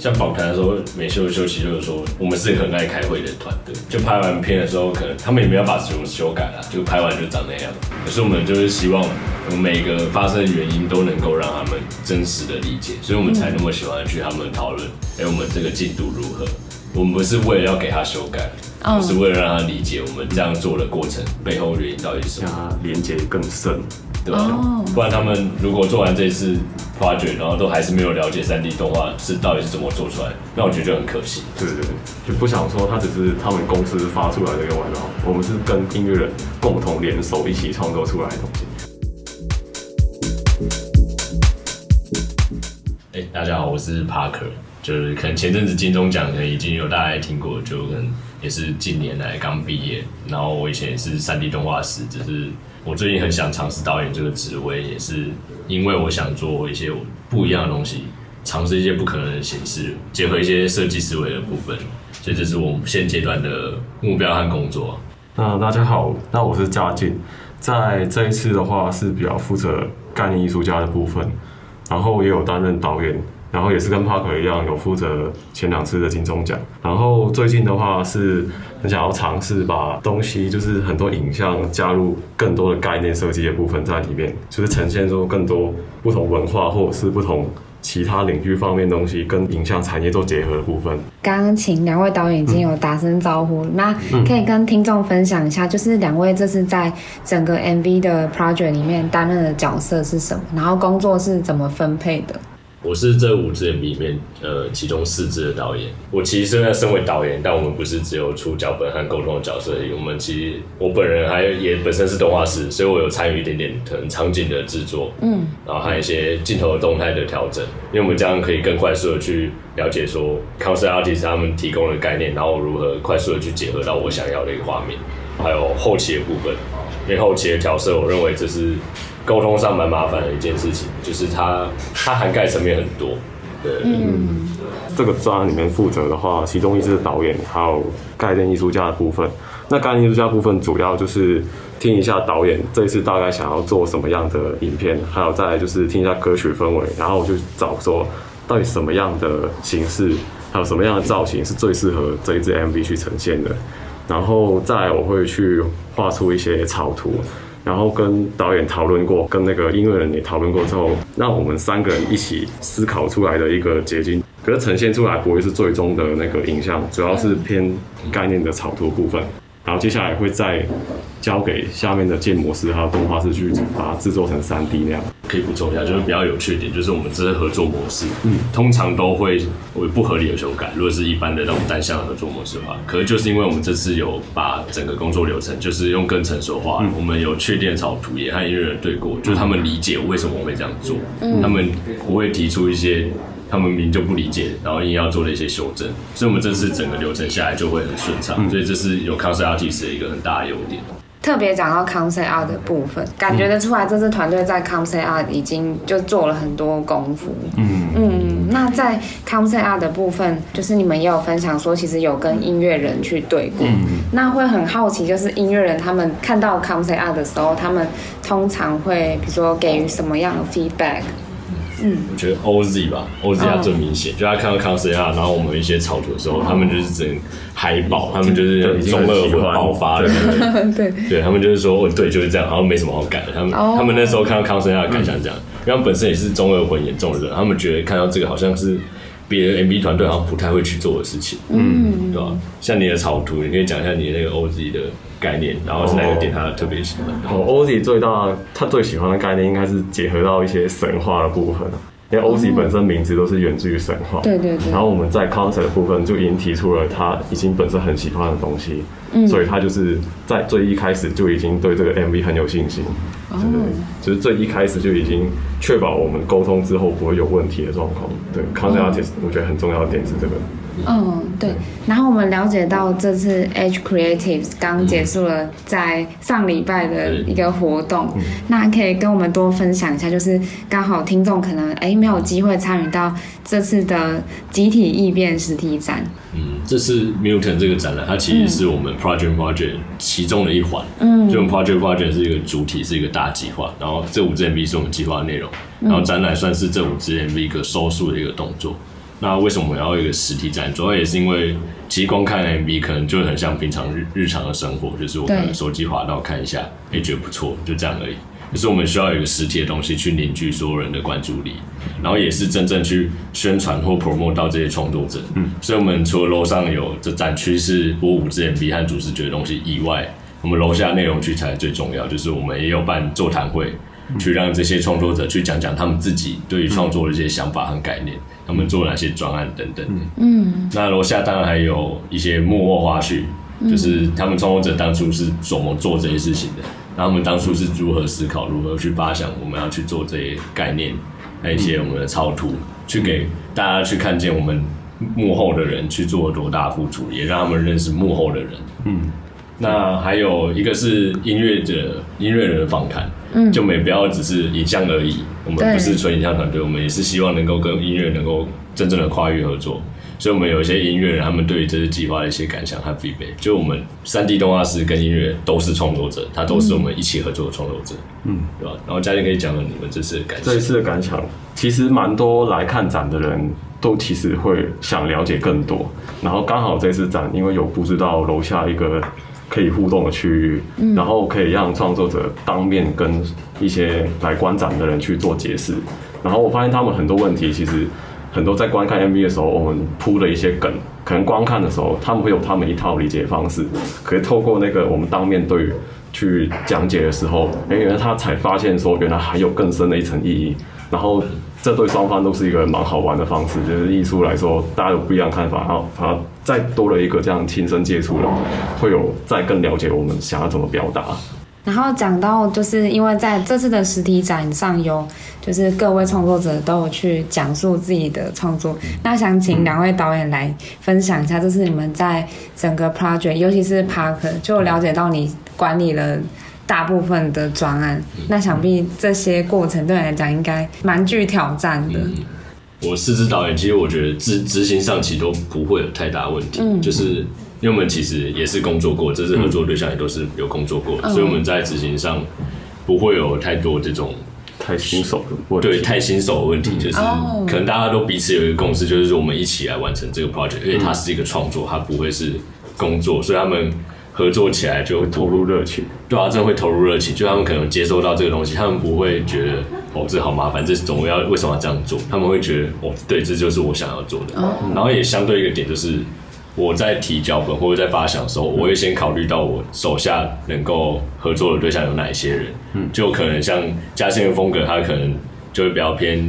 像訪談的時候每休息休息，就是說我們是很愛開會的團隊。就拍完片的時候，可能他們也沒有把什麼修改了，就拍完就長那樣。可是我們就是希望，每個發生的原因都能夠讓他們真實的理解，所以我們才那麼喜歡去他們討論。哎、嗯欸，我們這個進度如何？我們不是為了要給他修改，哦、是為了讓他理解我們這樣做的過程背後原因到底是什麼，讓他連接更深。Oh. 不然他們如果做完這次發掘，然後都還是沒有了解三 D 動畫是到底是怎麼做出來，那我覺得就很可惜。對對對，就不想說他只是他們公司發出來的一個外包，我們是跟音樂人共同聯手一起創作出來的東西。誒，大家好，我是 Parker，就是可能前陣子金鐘獎可能已經有大家聽過，就可能也是近年來剛畢業，然後我以前也是三 D 動畫師，只是。我最近很想嘗試導演這個職位，也是因為我想做一些不一樣的東西，嘗試一些不可能的形式，結合一些設計思維的部分，所以這是我們現階段的目標和工作。那大家好，那我是家進，在這一次的話是比較負責概念藝術家的部分，然後也有擔任導演。然後也是跟 Parker 一樣，有負責前兩次的金鐘獎。然後最近的話，是很想要嘗試把東西，就是很多影像加入更多的概念設計的部分在裡面，就是呈現出更多不同文化或者是不同其他領域方面東西，跟影像產業做結合的部分。剛剛請兩位導演已經有打聲招呼，嗯、那、嗯、可以跟聽眾分享一下，就是兩位這次在整個 MV 的 project 裡面擔任的角色是什麼，然後工作是怎麼分配的？我是這五支 MV 裡面，呃，其中四支的導演。我其實現在身為導演，但我們不是只有出腳本和溝通的角色而已。我們其實我本人還也本身是動畫師，所以我有參與一點點可能場景的制作，嗯，然後還有一些鏡頭的動態的調整。因為我們這樣可以更快速的去了解說 concept artist 他們提供的概念，然後如何快速的去結合到我想要的一個畫面，還有後期的部分。因為後期的調色，我認為這是。溝通上蠻麻煩的一件事情，就是它它涵蓋層面很多。對，嗯，嗯這個專案裡面負責的話，其中一支是導演還有概念藝術家的部分。那概念藝術家部分主要就是聽一下導演這一次大概想要做什麼樣的影片，還有再來就是聽一下歌曲氛圍，然後我就找說到底什麼樣的形式，還有什麼樣的造型是最適合這一支 MV 去呈現的。然後，再來我會去畫出一些草圖。然後跟導演討論過，跟那個音樂人也討論過之後，讓我們三個人一起思考出來的一個結晶。可是呈現出來不會是最終的那個影像，主要是偏概念的草圖部分。然後接下來會再交給下面的建模師還有動畫師去把它製作成 3D 那樣。可以補充一下。嗯，就是比較有缺點，就是我們這些合作模式，嗯，通常都會為不合理的修改。如果是一般的那種單向合作模式的話，可能就是因為我們這次有把整個工作流程，就是用更成熟化，嗯，我們有確定草圖，也和音樂人對過，嗯，就是，他們理解為什麼我們會這樣做。嗯，他們不會提出一些他們明就不理解，然後硬要做的一些修正。所以，我們這次整個流程下來就會很順暢，嗯，所以這是有康斯拉蒂 t 的一個很大的優點。特別講到 concept art 的部分，感覺得出來，這支團隊在 concept art 已經就做了很多功夫。嗯嗯，那在 concept art 的部分，就是你們也有分享說，其實有跟音樂人去對過、嗯。那會很好奇，就是音樂人他們看到 concept art 的時候，他們通常會比如說給予什麼樣的 feedback？嗯，我覺得 OZ 吧，OZ 他最明顯、嗯，就他看到康森亞，然後我們一些草圖的時候，嗯、他們就是整能嗨爆，他們就是中二魂爆發的感覺。對，對，對,對,對他們就是說，哦，對，就是這樣，好像沒什麼好改的。他們、哦、他們那時候看到康森亞，感想像這樣，嗯、因為他本身也是中二魂嚴重的人，他們覺得看到這個好像是別的 MV 團隊好像不太會去做的事情，嗯，對吧？像你的草圖，你可以講一下你那個 OZ 的。概念，然後現在個點他特別喜歡？後 o z z 最大他最喜歡的概念應該是結合到一些神話的部分，因為 o z i 本身名字都是源自於神話。對對，對然後我們在 c o n c e r t 部分就已經提出了他已經本身很喜歡的東西，嗯，所以他就是在最一開始就已經對這個 MV 很有信心。哦、對。就是最一開始就已經確保我們溝通之後不會有問題的狀況。對 c o n c e r t 我覺得很重要的點是這個。嗯，對。然後我們了解到這次 AGE Creative 剛結束了在上禮拜的一個活動，嗯、那可以跟我們多分享一下，就是剛好聽眾可能哎沒有機會參與到這次的集體異變實體展。嗯，這次 Mutant 這個展覽，它其實是我們 Project in Project 其中的一環。嗯，就我們 Project in Project 是一個主體，是一個大計劃，然後這五支 MV 是我們計劃的內容、嗯，然後展覽算是這五支 MV 一個收束的一個動作。那為什麼我們要有一個實體展？主要也是因為，其實光看 MV 可能就很像平常日日常的生活，就是我們手機滑到看一下，誒、欸、覺得不錯，就這樣而已。就是我們需要一個實體的東西去凝聚所有人的關注力，然後也是真正去宣傳或 promote 到這些創作者。嗯，所以我們除了樓上有這展區是播五支 MV 和主視覺的東西以外，我們樓下內容區才是最重要。就是我們也有辦座談會、嗯，去讓這些創作者去講講他們自己對於創作的一些想法和概念。他們做哪些專案等等的，嗯，那樓下當然還有一些幕後花絮，嗯、就是他們創作者當初是怎麼做這些事情的，嗯、然後他們當初是如何思考、如何去發想，我們要去做這些概念，嗯、還有一些我們的草圖、嗯，去給大家去看見我們幕後的人去做多大付出，也讓他們認識幕後的人。嗯，那還有一個是音樂的音樂人的訪談、嗯，就沒必要只是影像而已。我們不是純影像團隊，我們也是希望能夠跟音樂能夠真正的跨越合作。所以，我們有一些音樂人、嗯，他們對於這次計劃的一些感想和 feedback 備備。就我們三 D 動畫師跟音樂人都是創作者，他都是我們一起合作的創作者，嗯，對吧？然後嘉俊可以講講你，嗯嗯、你們這次的感想。這一次的感想。其實蠻多來看展的人都其實會想了解更多，然後剛好這次展因為有布置到樓下一個。可以互動的區域，嗯，然後可以讓創作者當面跟一些來觀展的人去做解釋。然後我發現他們很多問題，其實很多在觀看 MV 的時候，我們鋪了一些梗，可能觀看的時候他們會有他們一套理解方式。可以透過那個我們當面對去講解的時候，哎，原來他才發現說，原來還有更深的一層意義。然後。這對雙方都是一個蠻好玩的方式，就是藝術來說，大家有不一樣看法，然後，再多了一個這樣親身接觸了會有再更了解我們想要怎麼表達。然後講到就是因為在這次的實體展上，有就是各位創作者都有去講述自己的創作，嗯、那想請兩位導演來分享一下，就、嗯、是你們在整個 project，尤其是 Parker，就了解到你管理了大部分的專案、嗯，那想必這些過程對你來講應該蠻具挑戰的。嗯、我是資導演，其實我覺得執執行上其實都不會有太大問題、嗯，就是因為我們其實也是工作過，這次合作對象也都是有工作過、嗯，所以我們在執行上不會有太多這種太新手的對太新手的問題、嗯，就是可能大家都彼此有一個共識，就是說我們一起來完成這個 project，而、嗯、且它是一個創作，它不會是工作，所以他們。合作起來就會投入熱情，對啊，真的會投入熱情。就他們可能接受到這個東西，他們不會覺得、嗯、哦，這好麻煩，這是總要為什麼要這樣做？他們會覺得哦，對，這就是我想要做的、嗯。然後也相對一個點就是，我在提腳本或者在發想的時候，我會先考慮到我手下能夠合作的對象有哪一些人。嗯、就可能像嘉興的風格，他可能就會比較偏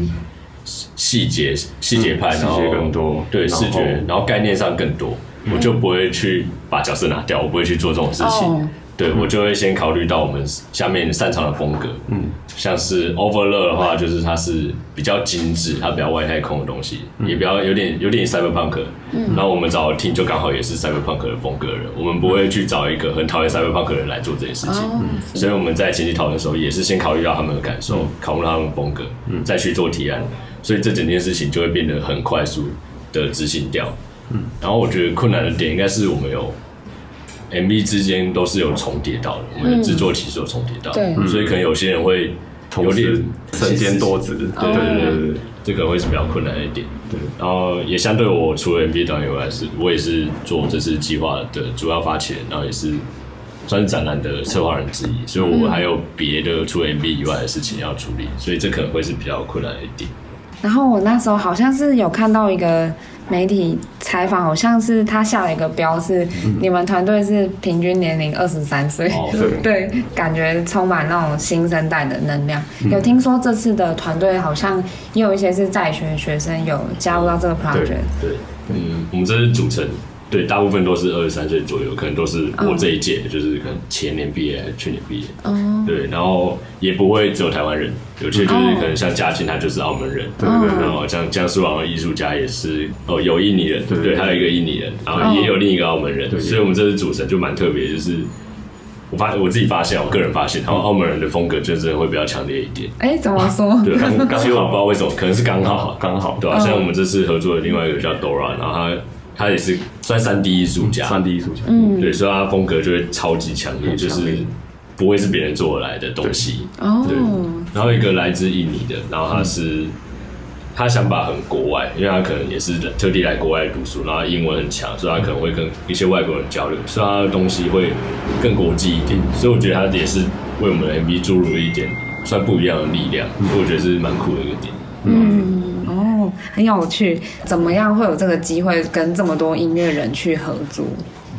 細節、細節派、嗯，然後更多對視覺，然後概念上更多。嗯、我就不會去把角色拿掉，我不會去做這種事情。Oh. 對，我就會先考慮到我們下面擅長的風格。嗯、像是 Overle 的話，就是它是比較精緻，Right. 它比較外太空的東西，嗯、也比較有點有點 Cyberpunk。嗯，然後我們找 team 就剛好也是 Cyberpunk 的風格人、嗯，我們不會去找一個很討厭 Cyberpunk 的人來做這件事情。Oh, 嗯、所以我們在前期討論的時候，也是先考慮到他們的感受，嗯、考慮到他們的風格、嗯，再去做提案。所以這整件事情就會變得很快速的執行掉。嗯，然後我覺得困難的點應該是我們有 MV 之間都是有重疊到的、嗯，我們的制作其實有重疊到，對、嗯，所以可能有些人會有點身兼多職對、哦對對對對，對對對對，這可能會是比較困難的一點。對，然後也相對我除了 MV 導演以外是，我也是做這次計劃的主要發起人，然後也是專展覽的策劃人之一，嗯、所以我還有別的除 MV 以外的事情要處理，所以這可能會是比較困難的一點。然後我那時候好像是有看到一個。媒體採訪好像是他下了一個標示，是，嗯，你們團隊是平均年齡二十三歲，哦對，對，感覺充滿那種新生代的能量，嗯。有聽說這次的團隊好像也有一些是在學學生有加入到這個 project，對，嗯，我們這是組成。對，大部分都是二十三歲左右，可能都是我這一屆、嗯、就是可能前年畢業還是去年畢業。哦、嗯，對，然後也不會只有台灣人，有、嗯、些就是可能像嘉慶他就是澳門人，嗯、對對對，嗯、然後像江蘇王的藝術家也是哦，有印尼人對對對對，對，他有一個印尼人，然後也有另一個澳門人，哦、對對對，所以我們這次組成就蠻特別，就是我發我自己發現，我個人發現，然後澳門人的風格就是會比較強烈一點。哎、欸，怎麼說？啊、對，剛好我不知道為什麼， 可能是剛好剛好，對吧、啊？像、嗯、我們這次合作的另外一個叫 Dora，然後他。他也是算三 D 藝術家，三 D 藝術家，嗯，對嗯，所以他風格就會超級強烈，烈，就是不會是別人做來的東西哦。然後一個來自印尼的，然後他是、嗯、他想法很國外，因為他可能也是特地來國外讀書，然後英文很強，所以他可能會跟一些外國人交流，所以他的東西會更國際一點。所以我覺得他也是為我們的 MV 注入一點算不一樣的力量，嗯、所以我覺得是蠻酷的一個點，嗯。嗯很有趣，怎麼樣會有這個機會跟這麼多音樂人去合作？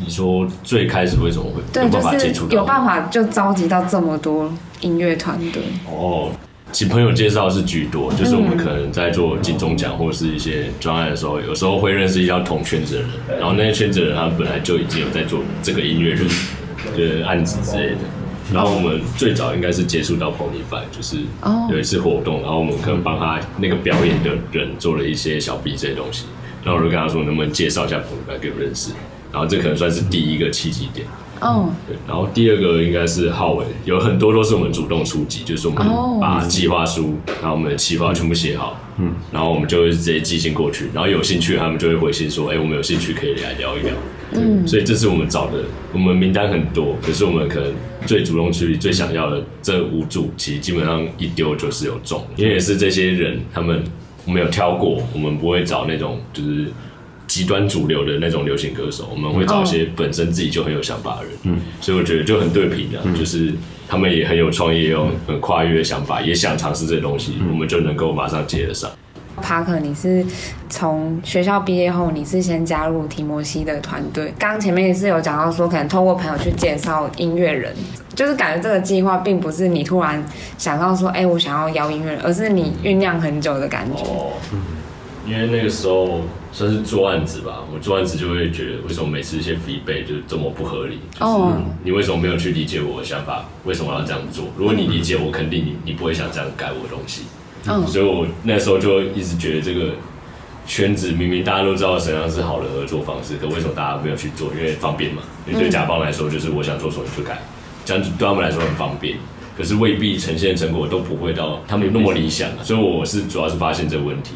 你說最開始為什麼會有辦法接觸到？就是、有辦法就召集到這麼多音樂團隊？哦，其朋友介紹是居多，就是我們可能在做金鐘獎或是一些專案的時候、嗯，有時候會認識一些同圈子的人，然後那些圈子的人他本來就已經有在做這個音樂人，的、就是、案子之類的。然後我們最早應該是接觸到彭一凡，就是有一次活動，oh. 然後我們可能幫他那個表演的人做了一些小 B J 東西，然後我就跟他說能不能介紹一下彭一凡給我認識，然後這可能算是第一個契機點。Oh. 對，然後第二個應該是浩文，有很多都是我們主動出擊，就是我們把計劃書，oh. 然後我們的企劃全部寫好，嗯，然後我們就會直接寄信過去，然後有興趣他們就會回信說，哎，我們有興趣可以來聊一聊。嗯，所以這是我們找的，我們名單很多，可是我們可能最主動去、最想要的這五組，其實基本上一丟就是有中。因為是這些人，他們沒有挑過，我們不會找那種就是極端主流的那種流行歌手，我們會找一些本身自己就很有想法的人。嗯、哦，所以我覺得就很對平的、啊，就是他們也很有創意，哦、很跨越的想法，也想嘗試這些東西，我們就能夠馬上接得上。帕克，你是從學校畢業後，你是先加入提摩西的團隊。剛剛前面也是有講到說，可能透過朋友去介紹音樂人，就是感覺這個計劃並不是你突然想到說，哎，我想要邀音樂人，而是你醞釀很久的感覺、嗯哦嗯。因為那個時候算是做案子吧，我做案子就會覺得，為什麼每次一些 feedback 就是這麼不合理？就是、哦、啊嗯，你為什麼沒有去理解我的想法？為什麼要這樣做？如果你理解我，肯定你、嗯、你不會想這樣改我的東西。嗯、所以，我那時候就一直覺得這個圈子明明大家都知道怎樣是好的合作方式，可為什麼大家沒有去做？因為方便嘛，因為對甲方來說就是我想做什麼就改、嗯，這樣子對他們來說很方便。可是未必呈現成果都不會到他們那麼理想、啊嗯，所以我是主要是發現這個問題。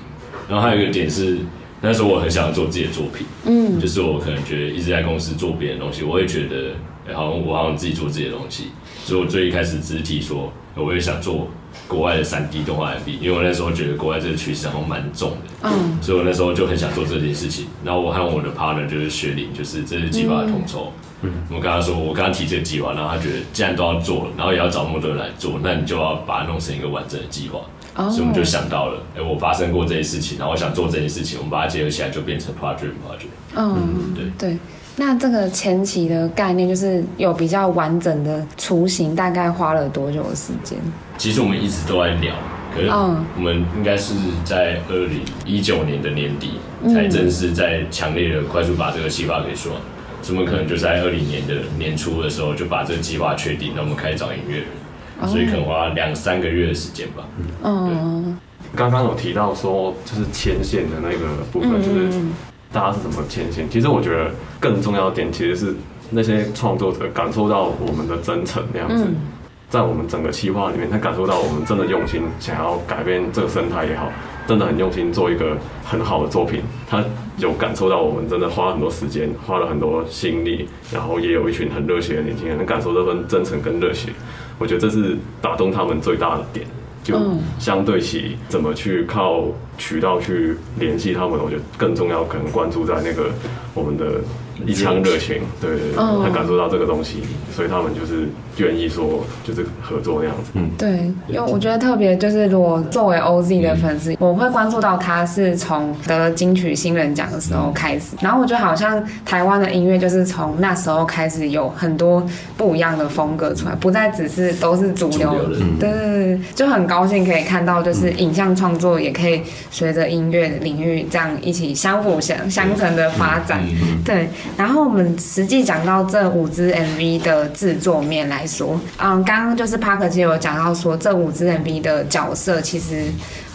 然後還有一個點是，那時候我很想做自己的作品，嗯，就是我可能覺得一直在公司做別的東西，我會覺得、欸、好像我好像自己做自己的東西，所以我最一開始只是提說，我也想做。國外的 3D 動畫 MV，因為我那時候覺得國外這個趨勢好像蠻重的，嗯，所以我那時候就很想做這件事情。然後我和我的 partner 就是雪玲，就是這是計劃的統籌，嗯，我跟他說，我剛剛提這個計劃，然後他覺得既然都要做，然後也要找很多人來做，那你就要把它弄成一個完整的計劃。哦，所以我們就想到了，哎、欸，我發生過這些事情，然後我想做這件事情，我們把它結合起來就變成 project project。嗯，對、嗯、對、對那這個前期的概念就是有比較完整的雛形，大概花了多久的時間？其實我們一直都在聊，可是我們應該是在二零一九年的年底才正式在強烈的快速把這個計劃給說，怎、嗯、麼可能就在二零年的年初的時候就把這個計劃確定，那我們開始找音樂人，嗯，所以可能花了兩三個月的時間吧。嗯，剛剛有提到說就是牽線的那個部分，就是、嗯。大家是怎麼前行？其實我覺得更重要的點，其實是那些創作者感受到我們的真誠那樣子。嗯。在我們整個企劃裡面，他感受到我們真的用心想要改變這個生態也好，真的很用心做一個很好的作品。他有感受到我們真的花很多時間，花了很多心力，然後也有一群很熱血的年輕人，能感受這份真誠跟熱血。我覺得這是打動他們最大的點。就相對起、嗯、怎麼去靠渠道，去聯繫他們，我覺得更重要可能關注在那個我們的一腔熱情，對對對，他、嗯、感受到這個東西，所以他們就是。願意說就是合作那樣子，嗯，對，因為我覺得特別就是，如果作為 OZ 的粉絲、嗯，我會關注到他是從得金曲新人獎的時候開始、嗯，然後我覺得好像台灣的音樂就是從那時候開始有很多不一樣的風格出來，不再只是都是主流，的、嗯、就是就很高興可以看到就是影像創作也可以隨着音樂領域這樣一起相輔相、嗯、相成的發展、嗯嗯，對，然後我們實際講到這五支 MV 的制作面來。說，嗯，剛剛就是 Parker 有講到說，這五只 MV 的角色其實，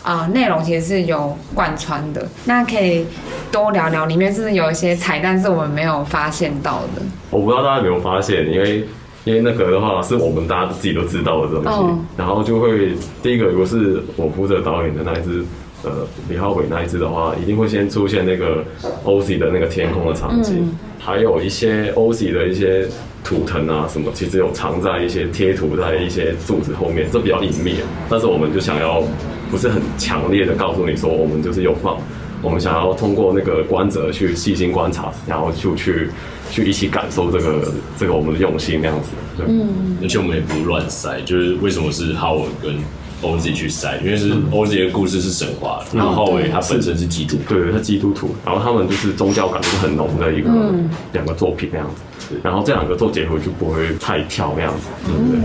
呃，內容其實是有貫穿的。那可以多聊聊裡面是不是有一些彩蛋是我們沒有發現到的？我不知道大家有沒有發現，因為因為那個的話是我們大家自己都知道的東西。嗯、然後就會第一個，如果是我負責導演的那一只，呃，李浩偉那一只的話，一定會先出現那個 OC 的那個天空的場景，嗯、還有一些 OC 的一些。圖騰啊，什麼其實有藏在一些貼圖，在一些柱子後面，這比較隱祕。但是我們就想要不是很強烈的告訴你說，我們就是有放。我們想要通過那個觀者去細心觀察，然後就去去，去一起感受這個這個我們的用心那樣子對。嗯，而且我們也不亂塞，就是為什麼是 Howard 跟。OZ 去塞，因為是 OZ 的故事是神話、嗯、然後浩偉他本身是基督徒、哦對，對，他基督徒。然後他們就是宗教感都是很濃的一個、嗯、兩個作品那樣子。然後這兩個做結合就不會太跳那樣子，對、嗯、不對？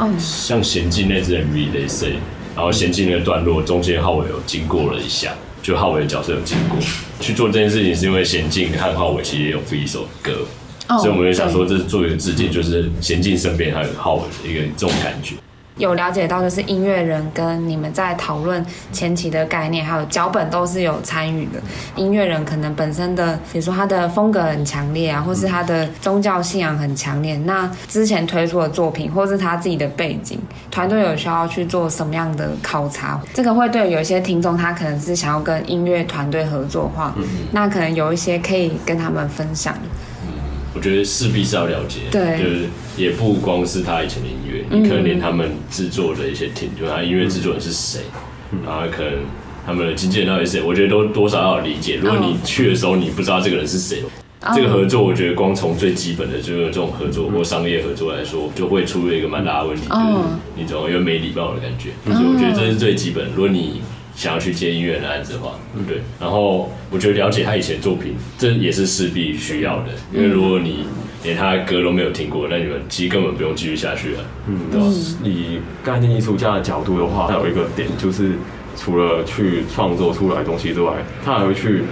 嗯、像嫻靜那支 MV They Say 然後嫻靜那個段落中間浩偉有經過了一下，就浩偉的角色有經過、嗯、去做這件事情，是因為嫻靜和浩偉其實也有副一首歌、嗯，所以我們就想說，這是做一個致敬，就是嫻靜身邊還有浩偉的一個這種感覺。有了解到就是音樂人跟你們在討論前期的概念，還有腳本都是有參與的。音樂人可能本身的，比如說他的風格很強烈啊，或是他的宗教信仰很強烈，那之前推出的作品，或是他自己的背景，團隊有需要去做什麼樣的考察，這個會對有一些聽眾，他可能是想要跟音樂團隊合作的話，那可能有一些可以跟他們分享。我覺得勢必是要了解，就是也不光是他以前的音樂、嗯，你可能連他們制作的一些團隊，就是他音樂制作人是誰、嗯，然後可能他們的經紀人到底是誰，我覺得都多少要理解。如果你去的時候、嗯、你不知道這個人是誰、嗯，這個合作我覺得光從最基本的就是這種合作、嗯、或商業合作來說，就會出了一個蠻大的問題、嗯，就是那種因為沒禮貌的感覺。所、嗯、以、就是、我覺得這是最基本。如果你想要去接音樂的案子的話，對，然後我覺得了解他以前作品，這也是勢必需要的。因為如果你連他的歌都沒有聽過，那你們其實根本不用繼續下去了、啊。嗯，對、嗯。以概念藝術家的角度的話，他有一個點就是，除了去創作出來的東西之外，他還會去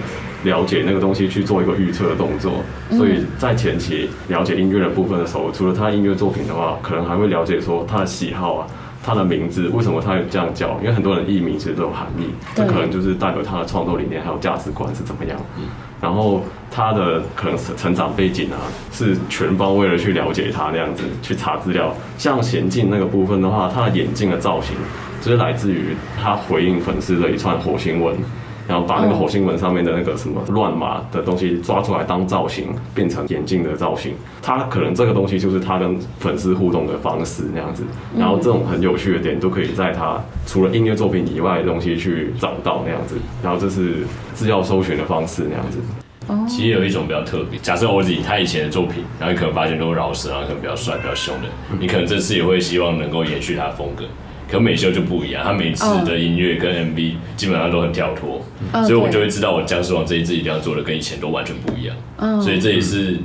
了解那個東西去做一個預測的動作。所以在前期了解音樂的部分的時候，除了他音樂作品的話，可能還會了解說他的喜好啊。他的名字為什麼他會這樣叫？因為很多人藝名其實都有含義，這可能就是代表他的創作理念還有價值觀是怎麼樣。然後他的可能成長背景啊，是全方位的去了解他那樣子。嗯、去查資料。像嫻靜那個部分的話，他的眼鏡的造型就是來自於他回應粉絲的一串火星文。然後把那個火星文上面的那個什麼亂碼的東西抓出來當造型，變成眼鏡的造型。他可能這個東西就是他跟粉絲互動的方式那樣子。然後這種很有趣的點都可以在他除了音樂作品以外的東西去找到那樣子。然後這是資料搜尋的方式那樣子。哦、嗯。其實有一種比較特別，假設我自己，他以前的作品，然後你可能發現都是饒舌，然後可能比較帥、比較凶的，你可能這次也會希望能夠延續他的風格。可美秀就不一樣，他每次的音樂跟 MV 基本上都很跳脫，oh. 所以我就會知道我殭屍王自己自己這一次一定要做的跟以前都完全不一樣，oh. 所以這也是。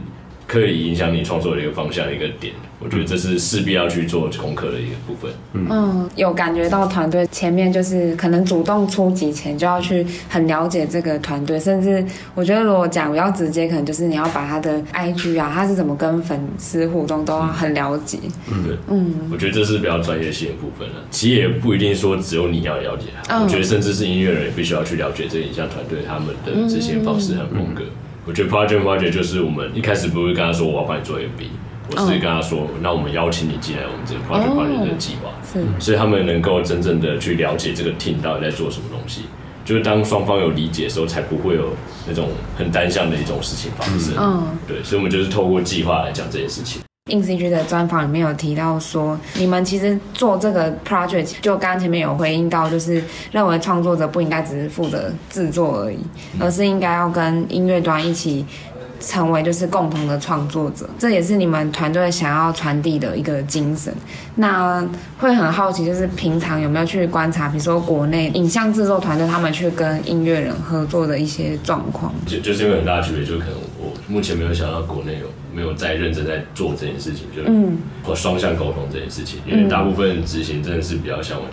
可以影響你創作的一個方向一個點，我覺得這是勢必要去做功課的一個部分。嗯，有感覺到團隊前面就是可能主動出擊前就要去很了解這個團隊，甚至我覺得如果講比較直接，可能就是你要把他的 IG 啊，他是怎麼跟粉絲互動，都要很了解嗯。嗯，嗯，我覺得這是比較專業性的部分了。其實也不一定說只有你要了解他、嗯，我覺得甚至是音樂人也必須要去了解這個影像團隊他們的這些方式和風格。嗯嗯嗯我覺得 Project in Project 就是我們一開始不會跟他說我要幫你做 MV，我是跟他說、oh. 那我們邀請你進來我們這個 Project in Project 的計劃、oh, 嗯，所以他們能夠真正的去了解這個 team 到底在做什麼東西，就是當雙方有理解的時候，才不會有那種很單向的一種事情發生。嗯，對，oh. 所以我們就是透過計劃來講這件事情。INCG 的專訪裡面有提到說，你們其實做這個 project，就剛剛前面有回應到，就是認為創作者不應該只是負責製作而已，嗯、而是應該要跟音樂端一起成為就是共同的創作者，這也是你們團隊想要傳遞的一個精神。那會很好奇，就是平常有沒有去觀察，比如說國內影像製作團隊他們去跟音樂人合作的一些狀況，就就是因為很大區別，就可能我目前沒有想到國內有。沒有再認真在做這件事情，就或雙向溝通這件事情、嗯，因為大部分執行真的是比較像我講，嗯、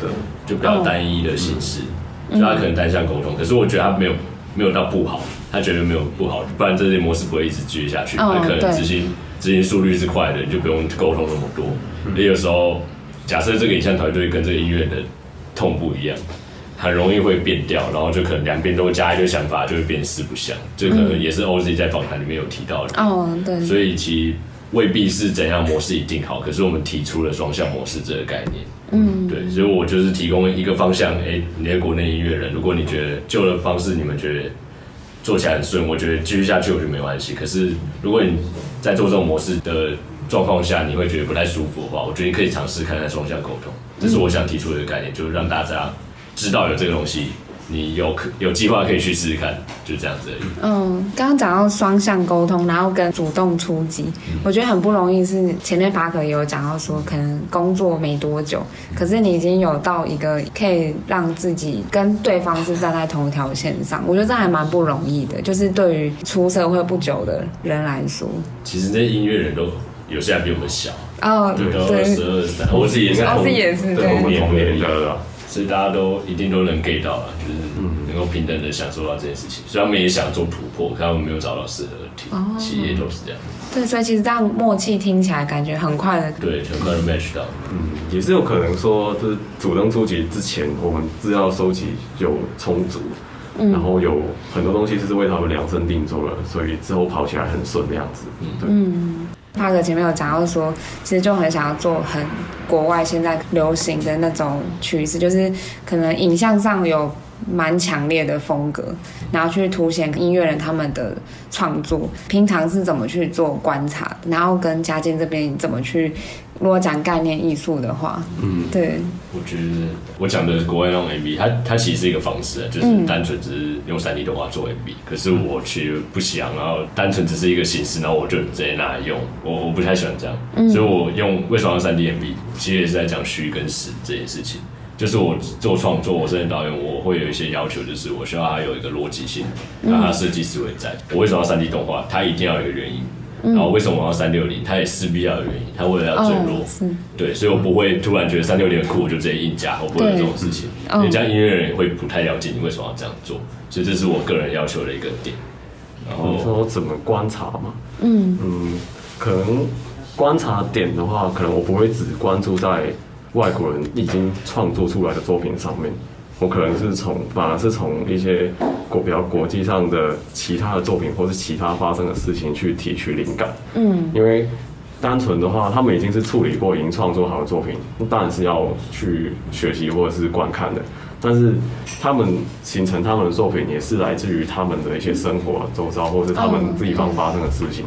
就的，就比較單一的形式，哦嗯、就他可能單向溝通，可是我覺得他沒有沒有到不好，他覺得沒有不好，不然這些模式不會一直繼續下去。他、哦、可能執行執行速率是快的，你就不用溝通那麼多。也、嗯、有時候，假設這個影像團隊跟這個音樂的 tone 不一樣，很容易會變掉，然後就可能兩邊都加一個想法，就會變四不像。這可能也是 OZ 在訪談裡面有提到的。哦，對。所以其實未必是怎樣模式一定好，可是我們提出了雙向模式這個概念。嗯。對，所以我就是提供一個方向。哎、欸，你國內音樂人，如果你覺得舊的方式你們覺得做起來很順，我覺得繼續下去我覺得沒關係。可是如果你在做這種模式的狀況下，你會覺得不太舒服的話，我覺得你可以嘗試看看雙向溝通。這是我想提出的一個概念，就是讓大家。知道有這個東西，你有可有計劃可以去試試看，就這樣子。嗯，剛剛講到雙向溝通，然後跟主動出擊、嗯，我覺得很不容易。是前面 Parker 也有講到說，可能工作沒多久、嗯，可是你已經有到一個可以讓自己跟對方是站在同一條線上，我覺得這還蠻不容易的。就是對於出社會不久的人來說，嗯，其實那些音樂人都有些比我們小，哦，對，223, 對十二三，我自己也是，我自己也是同年的。所以大家都一定都能 get 到啦，就是能夠平等的享受到這件事情。所以他們也想做突破，他們沒有找到適合的題、哦、企業，都是這樣。對，所以其實這樣默契聽起來感覺很快的，對，很快的 match 到。嗯，也是有可能說，就是主動出擊之前，我們資料收集就充足、嗯，然後有很多東西是為他們量身定做了，所以之後跑起來很順的樣子。對嗯。帕克前面有講到說，其實就很想要做很國外現在流行的那種趨勢，就是可能影像上有蠻強烈的風格，然後去凸顯音樂人他們的創作，平常是怎麼去做觀察，然後跟嘉靖這邊怎麼去。如果講概念藝術的話，嗯，對，我覺得我講的是國外那種 MV，它它其實是一個方式，就是單純只是用三 D 動畫做 MV、嗯、可是我其實不想，然後單純只是一個形式，然後我就直接拿來用，我我不太喜歡這樣、嗯，所以我用為什麼要三 D MV，其實也是在講虛跟實這件事情。就是我做創作，我身為導演，我會有一些要求，就是我需要它有一個邏輯性，然後它設計思維在、嗯。我為什麼要三 D 動畫？它一定要有一個原因。然後為什麼我要三六零？它也是必要的原因，它為了要墜落、哦，對，所以我不會突然覺得三六零很酷，我就直接硬加，我不會有這種事情。人家音樂人也會不太了解你為什麼要這樣做，所以這是我個人要求的一個點。然後你說怎麼觀察嘛？嗯嗯，可能觀察點的話，可能我不會只關注在外國人已經創作出來的作品上面。我可能是從，反而是從一些國比較國際上的其他的作品，或是其他發生的事情去提取靈感。嗯，因為單純的話，他們已經是處理過、已經創作好的作品，當然是要去學習或者是觀看的。但是他們形成他們的作品，也是來自於他們的一些生活周遭，或是他們地方發生的事情，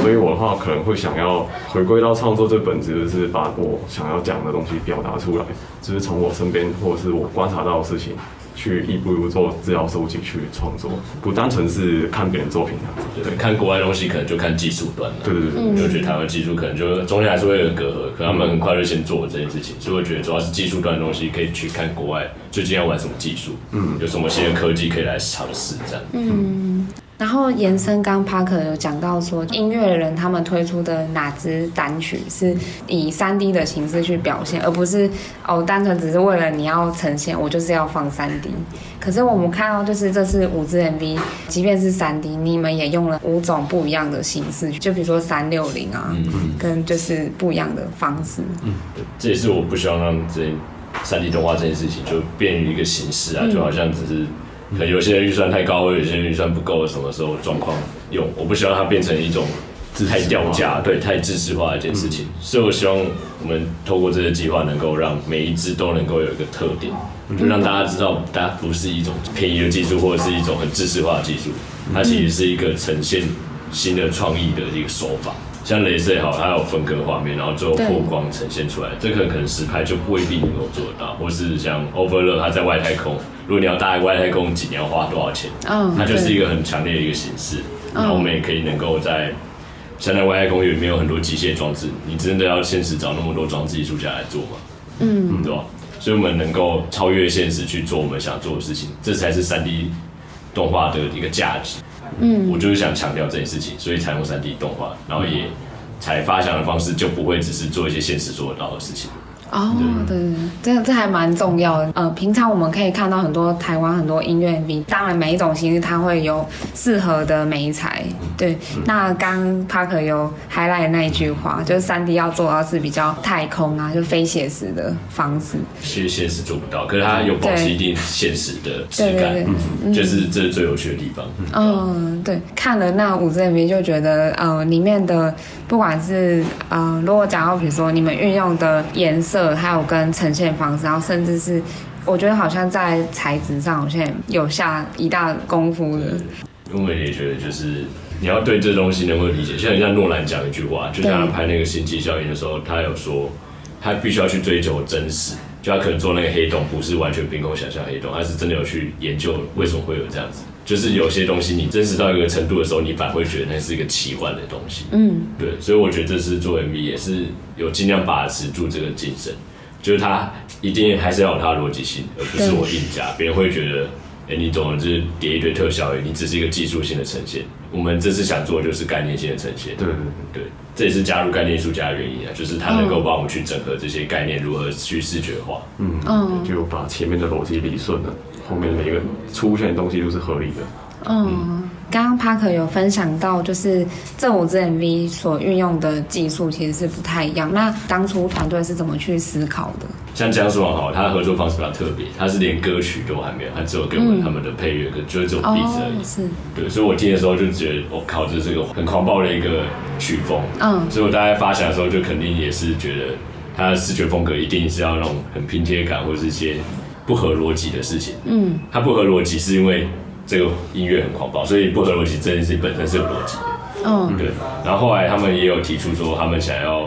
所以我的話可能會想要回歸到創作最本質，是把我想要講的東西表達出來，就是從我身邊或者是我觀察到的事情，去一步一步做資料收集去創作，不單純是看別人作品這樣子。對，看國外的東西可能就看技術端。對對對，對、嗯、就覺得台灣技術可能就中間還是為了隔閡，可能他們很快就先做了這件事情、嗯，所以我覺得主要是技術端的東西可以去看國外最近要玩什麼技術，嗯，有什麼新的科技可以來嘗試這樣。嗯。嗯然後延伸，剛 Parker 有講到說，音樂人他們推出的哪支單曲是以三 D 的形式去表現，而不是哦單純只是為了你要呈現，我就是要放三 D。可是我們看到，就是這次五支 MV，即便是三 D，你們也用了五種不一樣的形式，就比如說三六零啊嗯嗯，跟就是不一樣的方式。嗯嗯嗯，這也是我不希望讓這三 D 動畫這件事情就變成一個形式啊，嗯，就好像只是。可能有些人預算太高，有些人預算不夠，什麼時候狀況用？我不希望它變成一種太掉價，對，太制式化的一件事情，嗯。所以我希望我們透過這個計劃，能夠讓每一支都能夠有一個特點，就讓大家知道它不是一種便宜的技術，或者是一種很制式化的技術。它其實是一個呈現新的創意的一個手法。像鐳射也好，它有分割畫面，然後最後曝光呈現出來，這可能可能實拍就未必能夠做得到，或是像 Overlook 它在外太空，如果你要搭外太空，你要花多少錢？嗯、oh，它就是一個很強烈的一個形式。然後我們也可以能夠在，現在外太空裡面沒有很多機械裝置，你真的要現實找那麼多裝置藝術家來做嗎？嗯，嗯對吧？所以我們能夠超越現實去做我們想做的事情，這才是三 D 動畫的一個價值。嗯，我就是想強調這件事情，所以才用 3D 動畫，然後也才發想的方式，就不會只是做一些現實做得到的事情。哦、oh,，對，這這還蠻重要的。呃，平常我們可以看到很多台灣很多音樂，MV，當然每一種形式它會有適合的美彩。對，嗯、那剛 Parker 有還來那一句話，就是三 D 要做到是比較太空啊，就非寫實的方式。其實現實做不到，可是它有保持一定現實的質感對對對對、嗯，就是這是最有趣的地方。嗯，嗯呃、對，看了那五 Z M v 就覺得，呃，裡面的不管是呃，如果講到比如說你們運用的顏色。色還有跟呈現方式，然後甚至是，我覺得好像在材質上，好像有下一大功夫的。因為我也覺得就是你要對這東西能夠理解，像像諾蘭講一句話，就像他拍那個《星際效應》的時候，他有說他必須要去追求真實，就他可能做那個黑洞不是完全憑空想象黑洞，他是真的有去研究為什麼會有這樣子。就是有些東西你真實到一個程度的時候，你反而會覺得那是一個奇幻的東西。嗯，對，所以我覺得這是做 MV 也是有盡量把持住這個精神，就是它一定還是要有它的邏輯性，而不是我硬加，別人會覺得，哎、欸，你總就是疊一堆特效，你只是一個技術性的呈現。我們這次想做就是概念性的呈現。對對對，這也是加入概念藝術家的原因啊，就是他能夠幫我們去整合這些概念如何去視覺化，嗯，就把前面的邏輯理順了。後面的每一個出現的東西都是合理的。嗯，剛剛 Parker 有分享到，就是這五支 MV 所運用的技術其實是不太一樣。那當初團隊是怎麼去思考的？像江世王好，他的合作方式比較特別，他是連歌曲都還沒有，他只有給我們他們的配樂、嗯，就是這種 B 軌、哦。是，對。所以我聽的時候就覺得，我、哦、靠，這是一個很狂暴的一個曲風。嗯，所以我大概發起來的時候，就肯定也是覺得他的視覺風格一定是要那種很拼貼感，或者是一些。不合邏輯的事情，嗯，它不合邏輯是因為這個音樂很狂暴，所以不合邏輯這件事本身是有邏輯的，嗯，對。然後後來他們也有提出說，他們想要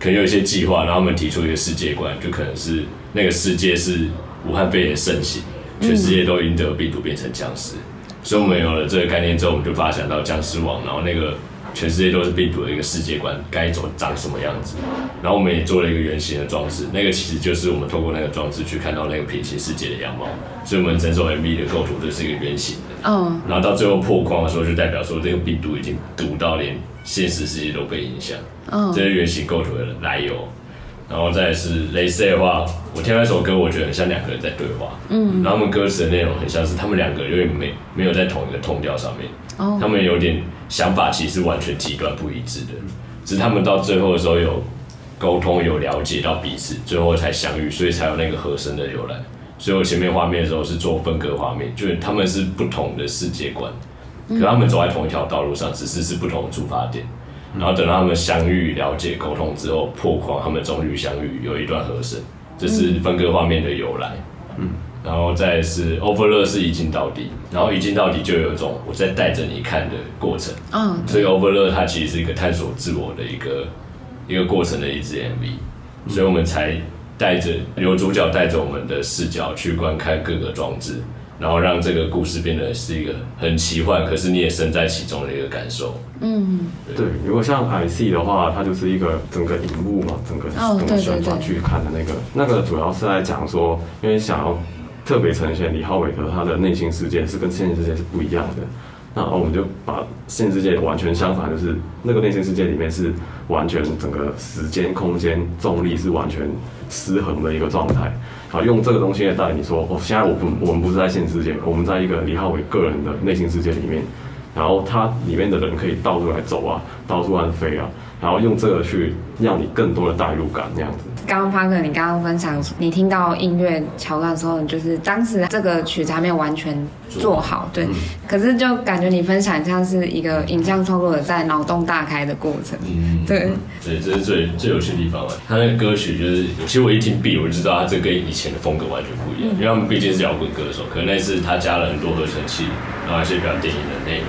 可能有一些計劃，然後他們提出一個世界觀，就可能是那個世界是武漢肺炎盛行，全世界都因得病毒變成僵屍。嗯，所以我們有了這個概念之後，我們就發展到僵屍王，然後那個。全世界都是病毒的一個世界觀，該怎麼長什麼樣子？然後我們也做了一個圓形的裝置，那個其實就是我們透過那個裝置去看到那個平行世界的樣貌。所以我們整首 MV 的構圖就是一個圓形的。Oh. 然後到最後破框的時候，就代表說這個病毒已經毒到連現實世界都被影響。Oh. 這是圓形構圖的來由。然後再是雷射的話，我聽到一首歌，我覺得很像兩個人在對話。嗯。然後我們歌詞的內容很像是他們兩個因為沒沒有在同一個通調上面。Oh. 他們有點想法，其實完全極端不一致的。嗯，只是他們到最後的時候有溝通，有了解到彼此，最後才相遇，所以才有那個和聲的由來。所以我前面畫面的時候是做分割畫面，就是他們是不同的世界觀，嗯、可他們走在同一條道路上，只是是不同的出發點。嗯。然後等到他們相遇、了解、溝通之後，破框，他們終於相遇，有一段和聲，這是分割畫面的由來。嗯。嗯然後再是 Overlord 是一鏡到底，然後一鏡到底就有一種我在帶着你看的過程，嗯、哦，所以 Overlord 它其實是一個探索自我的一個一個過程的一支 MV，、嗯、所以我們才帶着由主角帶着我們的視角去觀看各個裝置，然後讓這個故事變得是一個很奇幻，可是你也身在其中的一個感受，嗯，對。對如果像 IC 的話，它就是一個整個熒幕嘛，整個整個旋轉去看的那個，哦、對對對那個主要是來講說，因為想要。特別呈現李浩偉的他的內心世界是跟現實世界是不一樣的，那我們就把現實世界完全相反，就是那個內心世界裡面是完全整個時間、空間、重力是完全失衡的一個狀態。好，用這個東西來帶你說，哦，現在我不我們不是在現實世界，我們在一個李浩偉個人的內心世界裡面，然後他裡面的人可以到處來走啊，到處亂飛啊。然後用這個去讓你更多的代入感這樣子。剛剛發哥，Parker，你剛剛分享你聽到音樂橋段的時候，你就是當時這個曲子還沒有完全做好，對。嗯、可是就感覺你分享像是一個影像創作者在腦洞大開的過程，嗯、對、嗯。對，這是最最有趣的地方啊！他那個歌曲就是，其實我一聽 B 我就知道他這個跟以前的風格完全不一樣，嗯、因為他們畢竟是搖滾歌手，可能那次他加了很多合成器，然後一些比較電影的內容，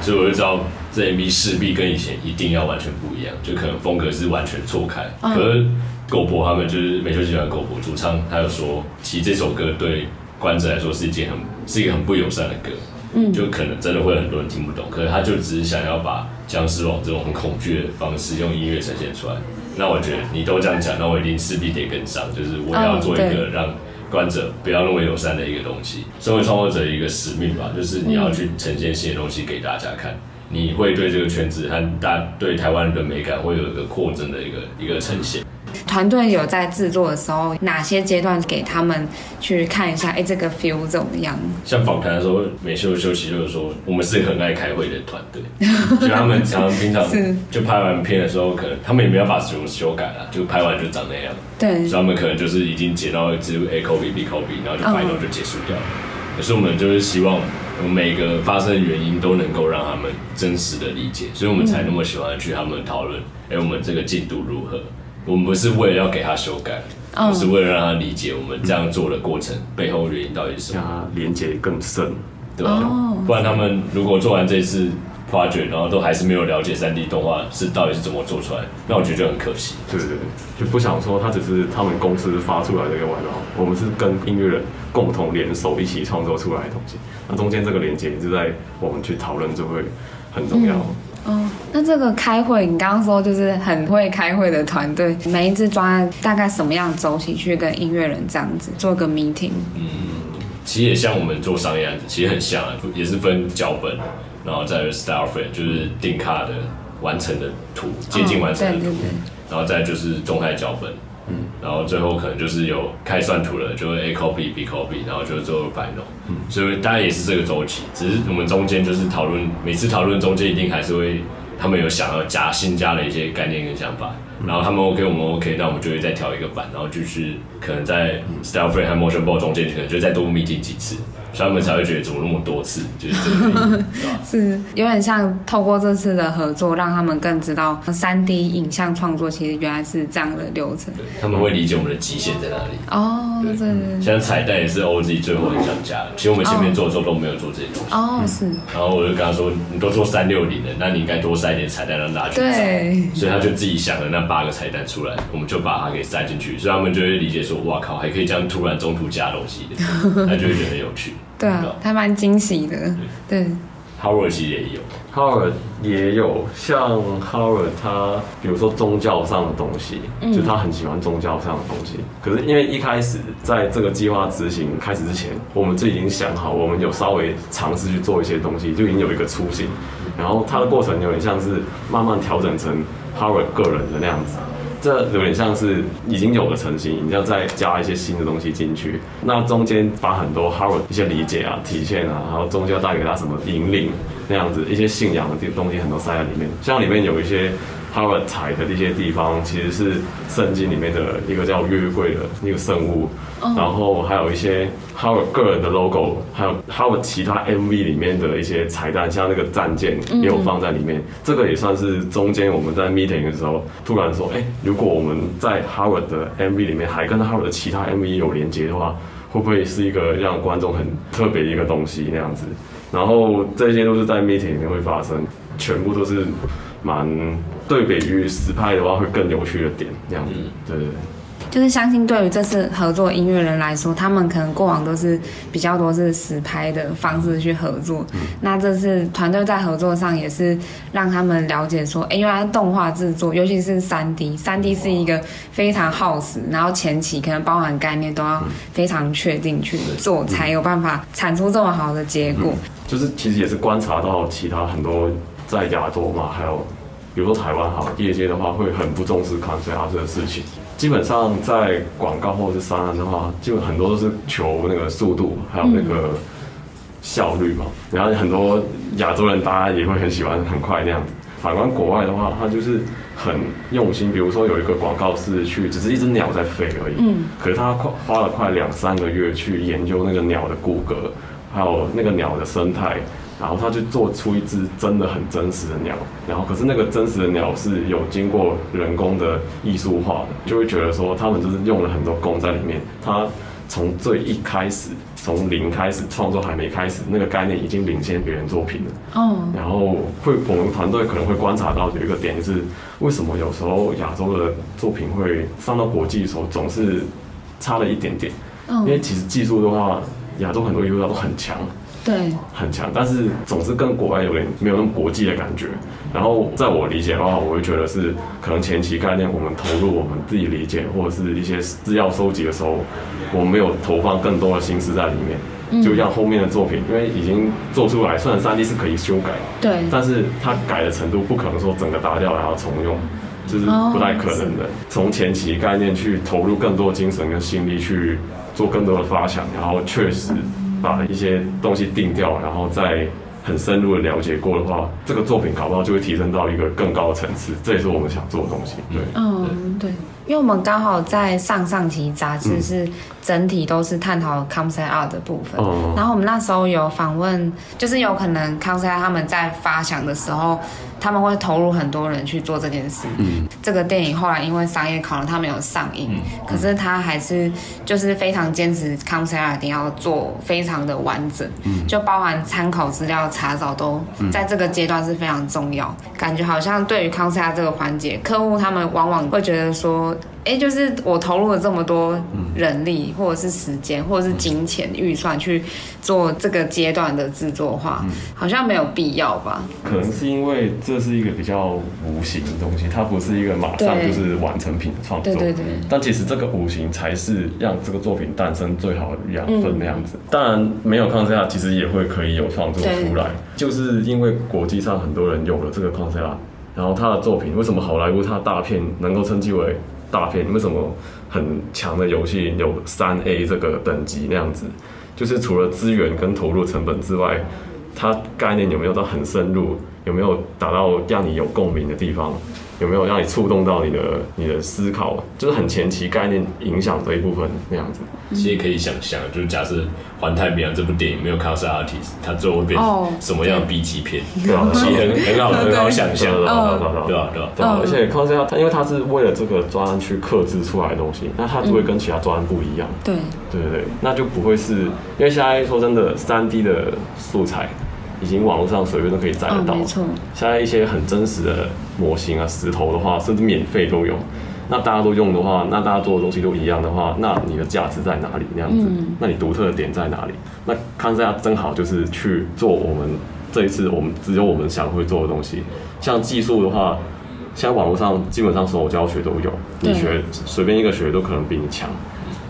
所以我就知道。這 MV 勢必跟以前一定要完全不一樣，就可能風格是完全錯開。Oh. 可是狗柏他們就是美秀集團狗柏主唱，他就說，其實這首歌對觀者來說是一件很是一個很不友善的歌。嗯。就可能真的會很多人聽不懂，可是他就只是想要把僵屍王這種很恐懼的方式用音樂呈現出來。那我覺得你都這樣講，那我一定勢必得跟上，就是我也要做一個讓觀者不要那麼友善的一個東西，身為創作者一個使命吧，就是你要去呈現新的東西給大家看。你會對這個圈子，和大家對台灣的美感，會有一個擴增的一個一個呈現。團隊有在製作的時候，哪些階段給他們去看一下？哎、欸，這個 feel 怎麼樣？像訪談的時候，美秀休息就是說，我們是很愛開會的團隊， 所以他們，他們平常就拍完片的時候，可能他們也沒有把什麼修改了，就拍完就長那樣。對，所以他們可能就是已經接到只 A copy B copy，然後就拍完就結束掉了。Oh. 可是我們就是希望。我們每個發生的原因都能夠讓他們真實的理解，所以我們才那麼喜歡去他們討論。哎、嗯欸，我們這個進度如何？我們不是為了要給他修改、哦，而是為了讓他理解我們這樣做的過程、嗯、背後原因到底是什麼，讓他連接更深，對、哦、不然他們如果做完這一次，發掘，然後都還是沒有了解三 D 動畫是到底是怎麼做出來、嗯，那我覺得就很可惜。對對對，就不想說它只是他們公司發出來的一個玩偶，我們是跟音樂人共同聯手一起創作出來的東西。那中間這個連接就在我們去討論就會很重要。嗯、哦，那這個開會，你剛剛說就是很會開會的團隊，每一次抓大概什麼樣的周期去跟音樂人這樣子做個 meeting？嗯，其實也像我們做商業案子，其實很像，也是分腳本。然後再是 style frame，就是定卡的完成的圖，接近完成的圖、哦對對對。然後再就是動態腳本。嗯。然後最後可能就是有開算圖了，就會 A copy，B copy，然後就最後 final。嗯。所以大概也是這個周期，只是我們中間就是討論，嗯、每次討論中間一定還是會他們有想要加新加了一些概念跟想法、嗯，然後他們 OK，我們 OK，那我們就會再調一個版，然後就是可能在 style frame 和 motion board 中間可能就再多 meeting 幾次。所以他們才會覺得怎麼那麼多次，就是這個原因，是， 是有點像透過這次的合作，讓他們更知道 3D 影像創作其實原來是這樣的流程。對，他們會理解我們的極限在哪裡。哦、yeah. oh,，對對對。像彩蛋也是 OG 最後一張加的，其實我們前面做的時候都沒有做這些東西。哦、oh. oh, 嗯，是。然後我就跟他說，你都做360的，那你應該多塞一點彩蛋讓大家去。對。所以他就自己想了那八個彩蛋出來，我們就把它給塞進去，所以他們就會理解說，哇靠，還可以這樣突然中途加東西，他就會覺得很有趣。 對啊，還蠻驚喜的。對，對，Howard 也也有，Howard 也有，像 Howard 他，比如說宗教上的東西，嗯，就他很喜歡宗教上的東西。可是因為一開始在這個計劃執行開始之前，我們就已經想好，我們有稍微嘗試去做一些東西，就已經有一個初心。嗯，然後他的過程有點像是慢慢調整成 Howard 個人的那樣子。這有點像是已經有了成型，你要再加一些新的東西進去。那中間把很多哈一些理解啊、體現啊，然後中間要帶給他什麼引領那樣子，一些信仰的這些東西很多塞在裡面。像裡面有一些。哈爾踩的那些地方，其實是聖經裡面的一個叫約櫃的那個聖物。Oh. 然後還有一些哈爾個人的 logo，還有哈爾其他 MV 裡面的一些彩蛋，像那個戰艦也有放在裡面。Mm -hmm. 這個也算是中間我們在 meeting 的時候，突然說：“哎、欸，如果我們在哈爾的 MV 裡面還跟哈爾的其他 MV 有連接的話，會不會是一個讓觀眾很特別的一個東西？那樣子。”然後這些都是在 meeting 裡面會發生，全部都是蠻。對比於實拍的話，會更有趣的點，這樣子，嗯。對，對對，就是相信對於這次合作音樂人來說，他們可能過往都是比較多是實拍的方式去合作。嗯、那這次團隊在合作上也是讓他們了解說，哎、欸，因為他動畫製作，尤其是三 D，三 D 是一個非常耗時，然後前期可能包含概念都要非常確定去做，嗯、才有辦法產出這麼好的結果。嗯、就是其實也是觀察到其他很多在亞洲嘛，還有。比如說台灣哈，業界的話會很不重視抗衰老這個事情。基本上在廣告或者是商人的話，基本很多都是求那個速度，還有那個效率嘛。嗯。然後很多亞洲人，大家也會很喜歡很快那樣子。反觀國外的話，他就是很用心。比如說有一個廣告是去，只是一隻鳥在飛而已。嗯。可是他花花了快兩三個月去研究那個鳥的骨骼，還有那個鳥的生態。然後他就做出一隻真的很真實的鳥，然後可是那個真實的鳥是有經過人工的藝術化的，就會覺得說他們就是用了很多工在裡面。他從最一開始，從零開始創作還沒開始，那個概念已經領先別人作品了。Oh. 然後會，我們團隊可能會觀察到有一個點，就是為什麼有時候亞洲的作品會上到國際的時候總是差了一點點？Oh. 因為其實技術的話，亞洲很多藝術家都很強。對。很強，但是總是跟國外有點沒有那麼國際的感覺。然後在我理解的話，我會覺得是可能前期概念我們投入我們自己理解，或者是一些資料收集的時候，我們沒有投放更多的心思在裡面。嗯。就像後面的作品，因為已經做出來，雖然 3D 是可以修改，對。但是它改的程度不可能說整個打掉然後重用，就是不太可能的。哦。從前期概念去投入更多精神跟心力去做更多的發想，然後確實。嗯。把一些東西定掉，然後再很深入的了解過的話，這個作品搞不好就會提升到一個更高的層次，這也是我們想做的東西，對，嗯，對。對因為我們剛好在上上期雜誌是整體都是探討 concept art 的部分，然後我們那時候有訪問，就是有可能 concept art 他們在發想的時候，他們會投入很多人去做這件事。嗯，這個電影後來因為商業考量，它沒有上映，可是它還是就是非常堅持 concept art 一定要做非常的完整，嗯，就包含參考資料查找都，在這個階段是非常重要，感覺好像對於 concept art 這個環節，客戶他們往往會覺得說。哎，就是我投入了這麼多人力、嗯，或者是時間，或者是金錢預算去做這個階段的制作的話，嗯、好像沒有必要吧、嗯？可能是因為這是一個比較無形的東西，它不是一個馬上就是完成品的創作。對對，對對。但其實這個無形才是讓這個作品誕生最好的養分的樣子。嗯、當然沒有康塞爾，其實也會可以有創作出來，就是因為國際上很多人有了這個康塞爾，然後他的作品為什麼好萊塢他的大片能夠稱之為？大片為什麼很強的遊戲有三 A 這個等級那樣子？就是除了資源跟投入成本之外，它概念有沒有到很深入？有沒有達到讓你有共鳴的地方？有沒有讓你觸動到你的你的思考，就是很前期概念影響的一部分那樣子？其實可以想象，就是假設《環太平洋》這部電影沒有《cos artist》，它最後會變成什麼樣的 B 級片？Oh, 對吧？很好很好想象的， 對吧？對吧？對而且《cos artist》因為它是為了這個專案去客製出來的東西，那它就會跟其他專案不一樣、嗯對。對對對，那就不會是，因為現在說真的，三 D 的素材。已經網絡上隨便都可以載得到，現在一些很真實的模型啊、石頭的話，甚至免費都有。那大家都用的話，那大家做的東西都一樣的話，那你的價值在哪裡？那樣子，那你獨特的點在哪裡？那 Concept 正好就是去做我們這一次，我們只有我們想會做的東西。像技術的話，現在網絡上基本上所有教學都有，你學隨便一個學都可能比你強。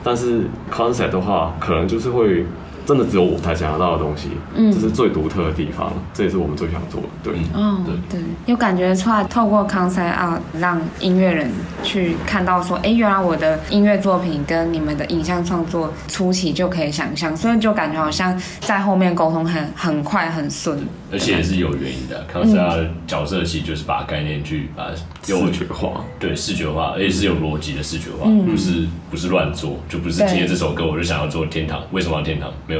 但是 Concept 的話，可能就是會。真的只有我才想得到的東西，嗯，這是最獨特的地方，這也是我們最想做的。對，嗯、哦，對對，有感覺出來，透過 Concept Art 讓音樂人去看到，說，哎、欸，原來我的音樂作品跟你們的影像創作初期就可以想象，所以就感覺好像在後面溝通很很快很順。而且也是有原因的，Concept Art 的角色其實就是把概念去、嗯、把視覺化，對，視覺化，而且是有邏輯的視覺化，嗯、不是不是亂做，就不是今天這首歌我就想要做天堂，為什麼要天堂？沒有。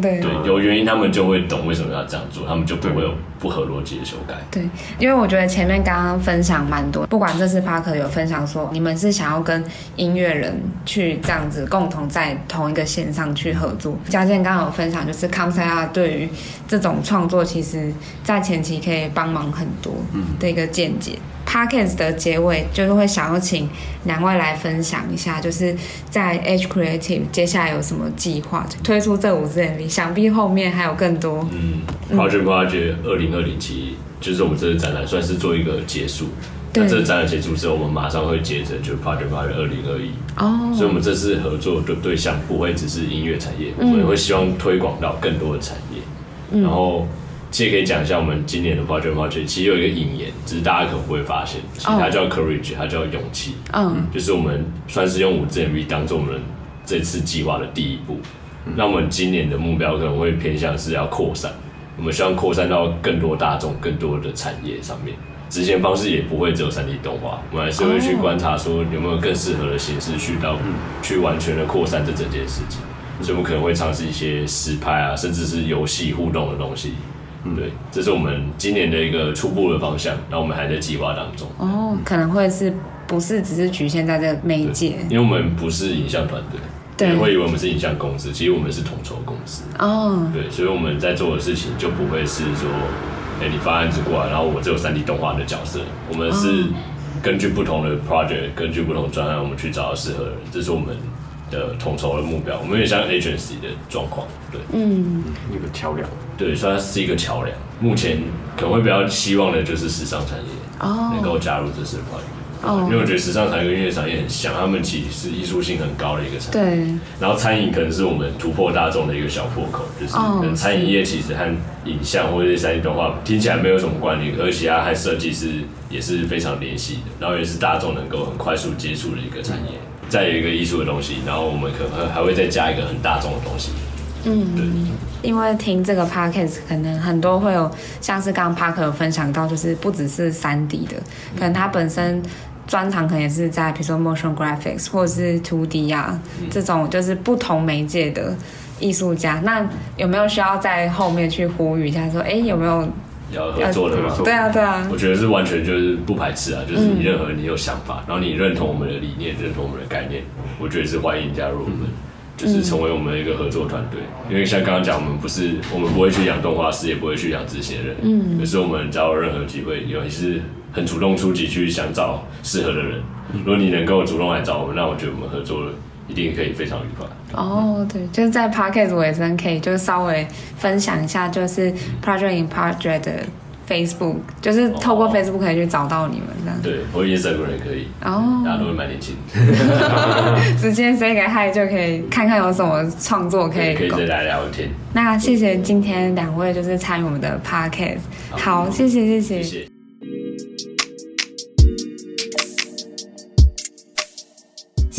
對，對，有原因他們就會懂為什麼要這樣做，他們就不會有不合邏輯的修改。對，因為我覺得前面剛剛分享蠻多，不管這次 Parker 有分享說你們是想要跟音樂人去這樣子共同在同一個線上去合作。佳健剛剛有分享就是 Comsider 對於這種創作，其實在前期可以幫忙很多的一個見解。嗯、Parkes 的結尾就是會想要請兩位來分享一下，就是在 AGE Creative 接下來有什麼計劃推出這五個想必後面還有更多。嗯 Project Project 二零二零，其實就是我們這次展覽算是做一個結束。對。那這個展覽結束之後，我們馬上會接着就 Project Project 二零二一。哦、oh。所以，我們這次合作的對象不會只是音樂產業，嗯，我們會希望推廣到更多的產業。嗯。然後，其實可以講一下，我們今年的 Project Project 其實有一個引言，只、就是大家可能不會發現其 courage、oh，其實它叫 Courage，它叫勇氣。就是我們算是用五 G MV 當做我們這次計劃的第一步。嗯、那我們今年的目標可能會偏向是要擴散，我們希望擴散到更多大眾、更多的產業上面。實現方式也不會只有 3D 動畫，我們還是會去觀察說有沒有更適合的形式渠道去完全的擴散這整件事情。所以，我們可能會嘗試一些實拍啊，甚至是遊戲互動的東西、嗯。對，這是我們今年的一個初步的方向。那我們還在計劃當中。哦，可能會是不是只是局限在這個媒介？因為我們不是影像團隊。對，會以為我們是影像公司，其實我們是統籌公司哦。Oh. 對，所以我們在做的事情就不會是說，哎、欸，你發案子過來，然後我只有三 D 動畫的角色。我們是根據不同的 project，、oh. 根據不同專案，我們去找到適合的人。這是我們的統籌的目標。我們也像 agency 的狀況，對，嗯，一個橋梁。對，所以它是一個橋梁。目前可能會比較希望的就是時尚產業、oh. 能夠加入這個範圍。Oh. 因為我覺得時尚產業、音樂產業很像，他們其實是藝術性很高的一個產業。對。然後餐飲可能是我們突破大眾的一個小破口，就是、oh, 可能餐飲業其實和影像或者是三 D 動畫聽起來沒有什麼關聯，而且它和設計也是非常聯繫的，然後也是大眾能夠很快速接觸的一個產業。嗯、再有一個藝術的東西，然後我們可能還會再加一個很大眾的東西。嗯，對，因為聽這個 Podcast 可能很多會有像是剛剛 Parker 有分享到，就是不只是三 D 的，可能它本身。專長可能也是在比如說 motion graphics 或者是 2D 啊，這種，就是不同媒介的藝術家。那有沒有需要在後面去呼籲一下，說，哎、欸，有沒有要，要合作的嗎？對啊，對啊。我覺得是完全就是不排斥啊，就是你任何你有想法，嗯、然後你認同我們的理念、嗯，認同我們的概念，我覺得是歡迎加入我們，嗯、就是成為我們一個合作團隊。因為像剛剛講，我們不是我們不會去養動畫師，也不會去養這些人，嗯，可是我們只要有任何機會，尤其是。.很主動出擊去想找適合的人，如果你能夠主動來找我們，那我覺得我們合作一定可以非常愉快。哦、oh，對，就是在 Podcast 也真可以，就是稍微分享一下，就是 Project in Project 的 Facebook，就是透過 Facebook 可以去找到你們這樣。Oh. 對，我也很多人可以，哦、oh，大家都會蠻年輕。 直接 say 個 hi 就可以，看看有什麼創作可以可以再來聊一天。那謝謝今天兩位就是參與我們的 Podcast，好、嗯，謝謝謝謝。謝謝。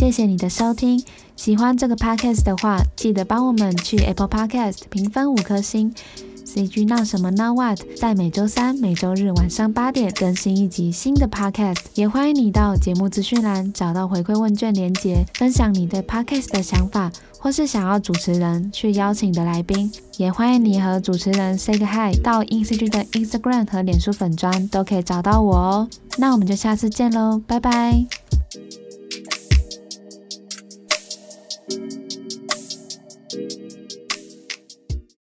謝謝你的收聽，喜歡這個 podcast 的話，記得幫我們去 Apple Podcast 評分五顆星。CG 鬧什麼？鬧 what？在每周三、每周日晚上八點更新一集新的 podcast，也歡迎你到節目資訊欄找到回饋問卷連結，分享你對 podcast 的想法，或是想要主持人去邀請的來賓，也歡迎你和主持人 say 個 hi。到 INCG 的 Instagram 和臉書粉專都可以找到我哦。那我們就下次見嘍，拜拜。